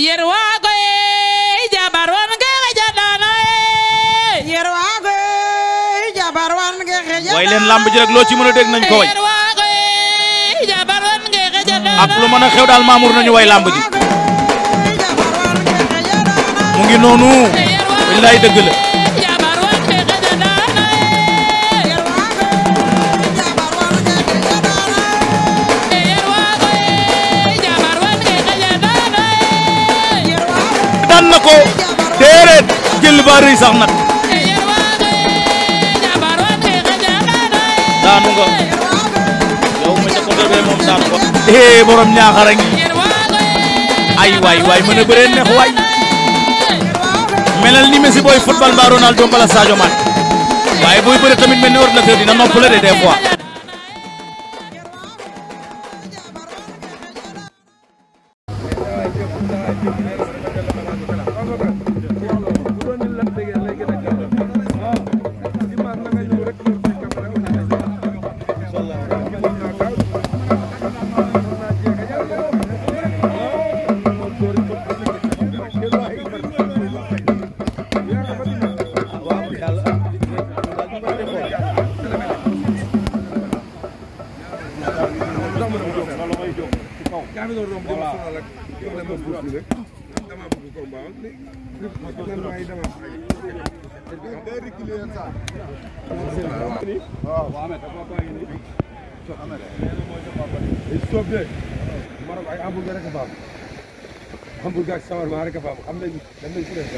yerwago e jabar wonge xejaɗano e yerwago e jabar wonge xejaɗano way leen lamb ji rek loo ci mën a dégg nañ ko way yerwago e jabar ak lu mën a xew daal maamur nañu way lamb ji mu noonu wallaay dëgg ba rëy sax nag daanu nga yow ma ca côté bee moom daanu ko eh borom ñaaxara ngi ay waay waay mën a bëree neex waay melal ni Messi booy football mbaa Ronaldo mbala Sadio Mané waaye booy bëre tamit mel ni ordinateur dina noppale de des fois. Marok ay hamburger rek a faam hamburger ak shawarma rek a faam xam nañ dañ nañ fure sa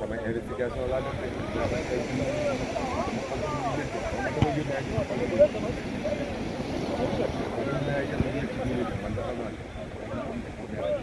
sama investigation laa def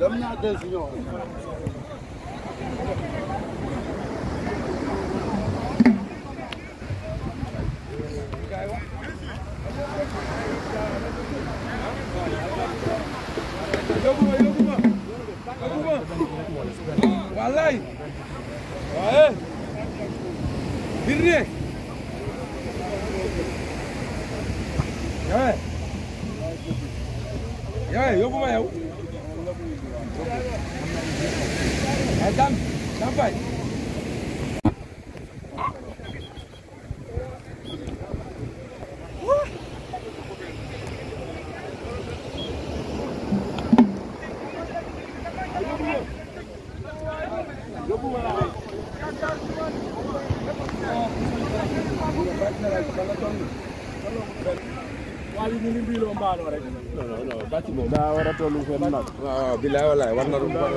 dam naa del si ñoom daa war a tollu fenn nag. waaw bilaay walaay war na lu war a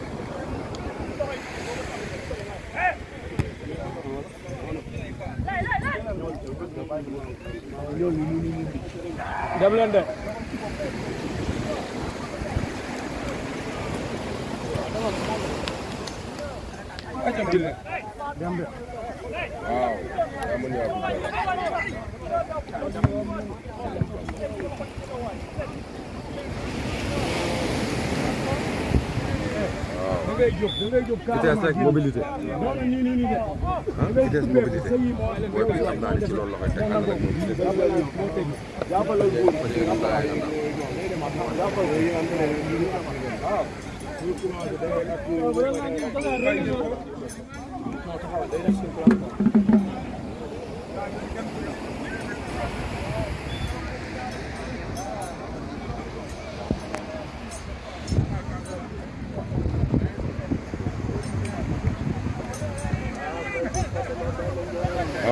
loolu da ngay jóg da a jóg vitesse rek mobilité. ah vitesse mobilité. booy bi xam naa ne ci loolu la koy tekkal rek moom vitesse mobilité.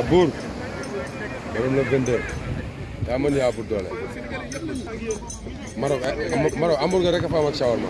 buur borom la vendeur daa mën yaa bu doole Maroc eh, Maroc hamburger rek a fa am ak shawarma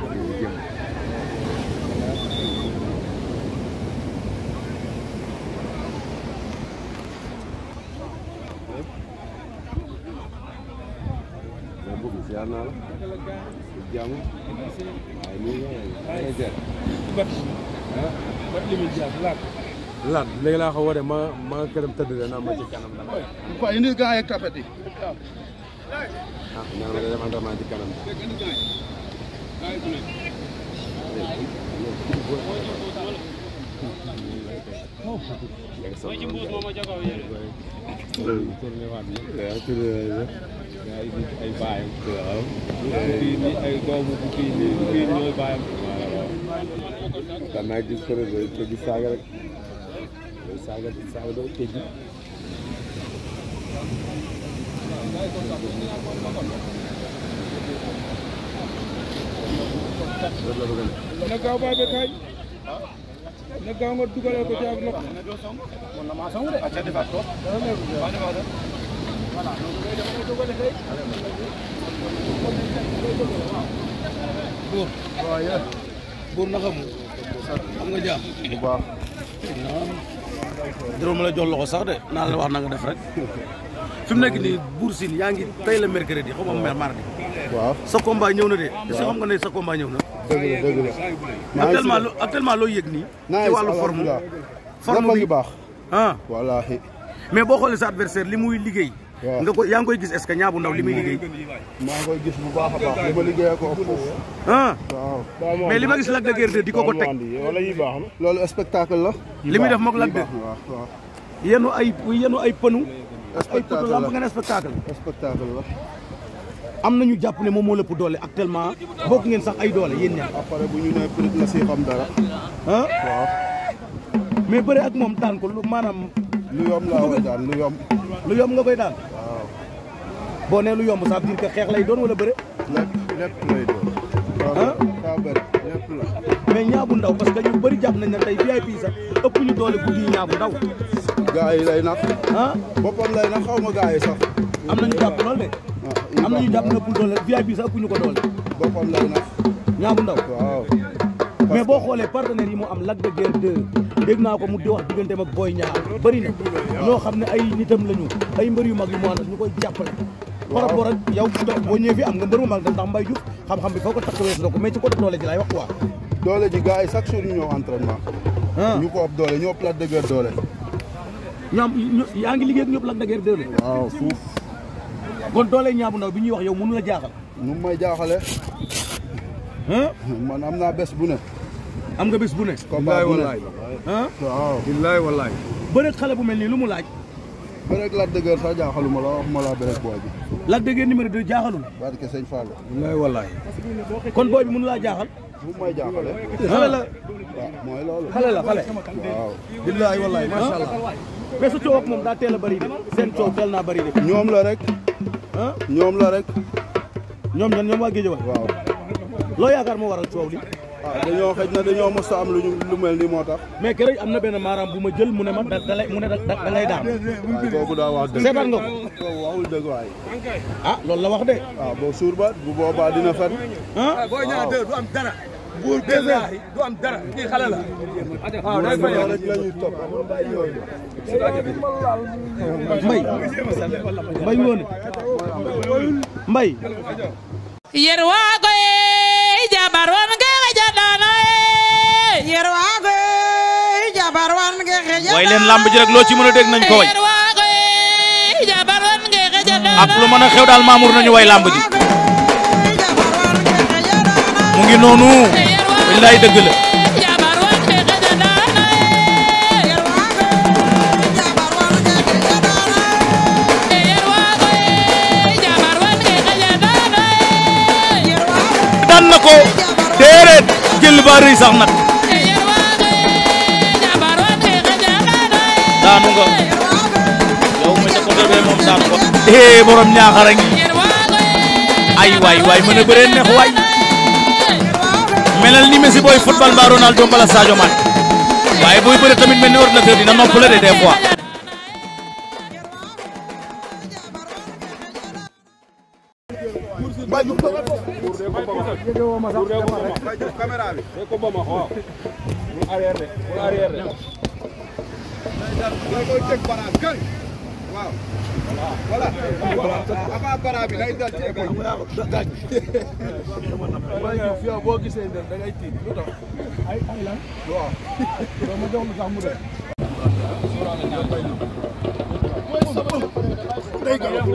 ziar naa la jàmm waaye laat laat laa ko waree ma ma këram tëdd de naa ma ci kanam la quoi indi gars yeeg tapet yi ah ñaan nga dem entraînement ci kanam Thank ay ay na gaaw baay ba kaay. na gaaw nga dugalal ko ci ak loxo. buur waaw yéen am nga jàmm bu baax juróom la jox loxo sax de naa la wax na nga def rek fi nekk nii Bour Sine yaa ngi tey la mercredi xaw ma mardi waaw sa combat ñëw na de est-ce que xam nga ne sa combat ñëw na dëgg la dëgg la yëg nii ci wàllu forme forme bi baax ah mais boo xoolee sa adversaire li muy liggéey nga ko yaa ngi koy gis est-ce que Niang bu ndaw li muy liggéey. maa ngi koy gis bu baax a baax li ma ah. mais li ma gis Lac de Guiers 2 di ko ko teg. loolu spectacle la. li ma def moog Lac de yenu ay yenu ay pënu. spectacle la ay pënu nga ne spectacle. spectacle la. am nañu jàpp ne moom moo lëpp doole actuellement bokk ngeen sax ay doole yéen ñaar. après bu ñu nee peut-être la dara. Ah. mais bëri ak moom daan ko maanaam. lu yomb laa koy daan lu yomb. lu yomb nga koy daan. waaw. boo nee lu yomb ça veut dire xeex lay doon wala bëre. lépp lépp lay doon. ah daa mais ñaabu parce que ñu bëri jàpp nañ ne tey VIP sax ëpp ñu doole guddi ñaabu ndaw. gaa yi lay nax. ah boppam lay nax xaw ma gaa sax. am na ñu jàpp lool de. Ah, am na jàpp na ëpp doole VIP sax ëpp ko doole. boppam mais boo xoolee partenaires yi mu am lag de Guiers naa ko mu di wax diggante mag Boy Niang bëri na ñoo xam ne ay nitam lañu ay mbër yu mag yu mu àndal ñu koy jàppale par rapport ak yow boo am nga mbër mu mag ndax xam-xam bi foo ko takk weesu na ko mais ci côté doole ji laay wax quoi ah. yaa ngi liggéey ñëpp Lac de Guiers 2 waaw suuf kon doole ñaabu bi ñuy wax yow mënu la jaaxal nu may jaaxale man am naa bés bu ne am nga bés bu ne. billaay wallaay ah. waaw billaay xale bu mel nii lu mu laaj. bëreeg Lac de Guiers jaaxaluma la wax ma la bëreeg booy bi. Lac de Guiers numéro 2 jaaxalul. parce que sëñ Fall. billaay wallaay. kon booy bi mënu laa jaaxal. bu may jaaxale. xale la waaw loolu. xale la xale. waaw. billaay wallaay macha allah. mais sa coow ak daa teel a bëri de. seen coow teel naa bëri ñoom la rek. ñoom ñan ñoom waa Guédiawaye. loo yaakaar moo waral coow li waaw ah, dañoo xëj na dañoo mos am lu ñu lu ni moo tax. mais keroog am na benn maaraam bu ma jël mu ne ma da da lay mu ne da da lay daal. waaw ah, kooku daa wax nga ah, loolu la wax de. waaw boo suur bu boobaa dina fen. ah boo ñëwaat dëgg du am dara. buur billaahi du mbay mbay woon mbay. yéen waa koy. jabar wan ke xejatana eh. yer waago jabar wan way leen lamb ji rek loo ci mën a dégg nañ ko way yer waago ak lu mën a xew daal maamur nañu way lamb ji mu ngi noonu billaay dëgg jëli ba rëy sax nag daanu nga yow ma sa côté bee moom daanu ko eh borom ñaaxara ay waay waay mën a bëree neex waay melal ni Messi booy football mbaa Ronaldo mbala Sadio Mané waaye booy bëre tamit mel ni ordinateur dina noppale de des fois. Mbaye Diouf Mbaye Diouf caméra bi. de ko bama waaw. bu arrière de bu arrière de. da koy teg barab kay. waaw. voilà avant barab bi day dal ci école bi. Mbaye Diouf yow boo gisee dem da ngay tiit lu tax. ay ay lan. waaw. doo ma jox lu sax mu def. day gaaw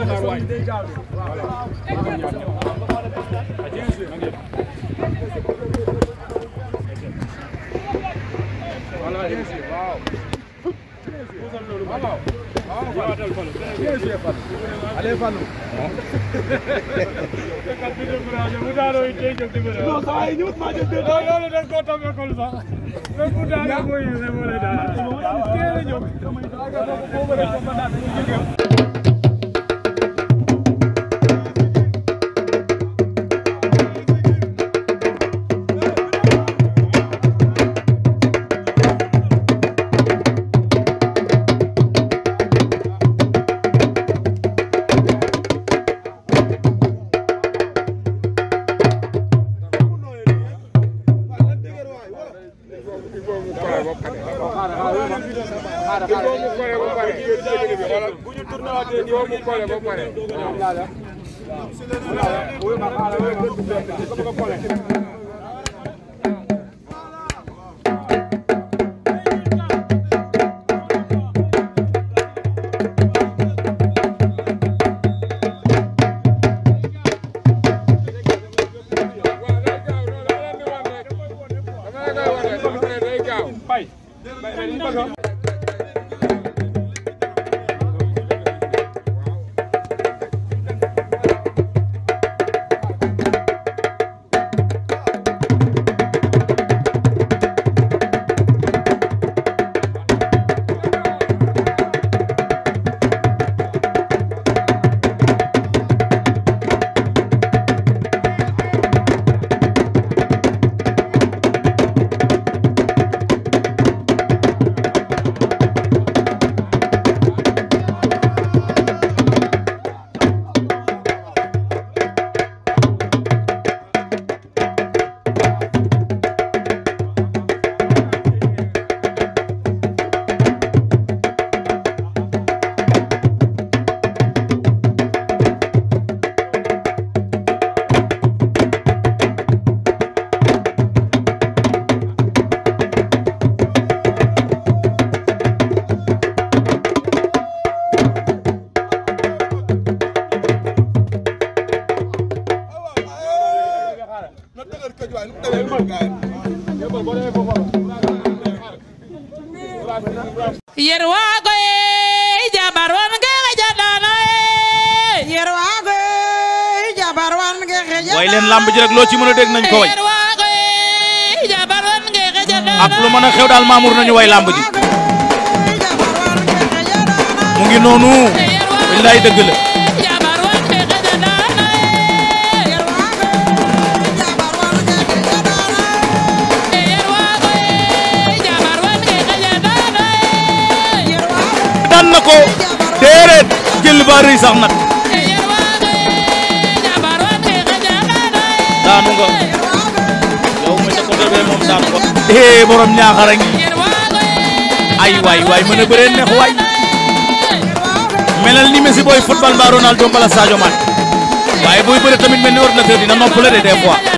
Allez Fallou Non ça ay ñut ma jël dédé loolu dañ ko tombé ko sax même bu daana moy rebolé daal ko yerwago e jabar wonge xejaɗano e yerwago e jabar wonge xejaɗano way leen lamb ji rek loo ci mën a dégg nañ ko way yerwago e jabar wonge xejaɗano ak lu mën a xew daal maamur nañu way lamb ji mu ngi noonu wallaay dëgg jël ba rëy sax daanu nga yow mi sa ko defee daanu ko eh borom ñaaxara ay waay waay mën a bëree neex waay melal ni Messi booy football mbaa Ronaldo mbala Sadio Mané waaye booy bëri tamit mel ni ordinateur dina noppale de des fois